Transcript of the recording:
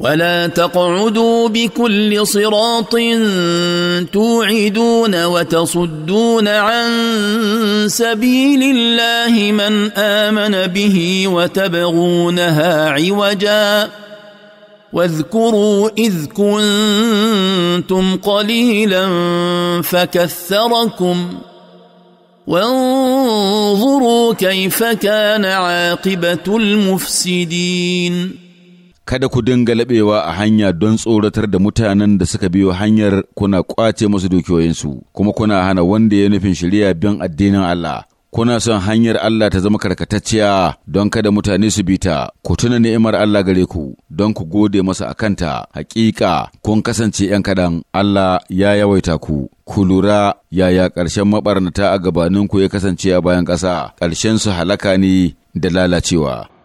ولا تقعدوا بكل صراط توعدون وتصدون عن سبيل الله من امن به وتبغونها عوجا واذكروا اذ كنتم قليلا فكثركم وانظروا كيف كان عاقبه المفسدين kada ku dinga laɓewa a hanya don tsoratar da mutanen da suka biyo hanyar kuna ƙwace musu dukiyoyinsu, kuma kuna hana wanda ya nufin shirya bin addinin Allah. Kuna son hanyar Allah ta zama karkatacciya don kada mutane su bi ta, ku tuna ni'imar Allah gare ku don ku gode masa a kanta, hakika kun kasance ‘yan kadan Allah ya yawaita ku, ku lura yaya ƙarshen maɓarnata a gabaninku ya kasance a bayan ƙasa, ƙarshen su halaka ne da lalacewa.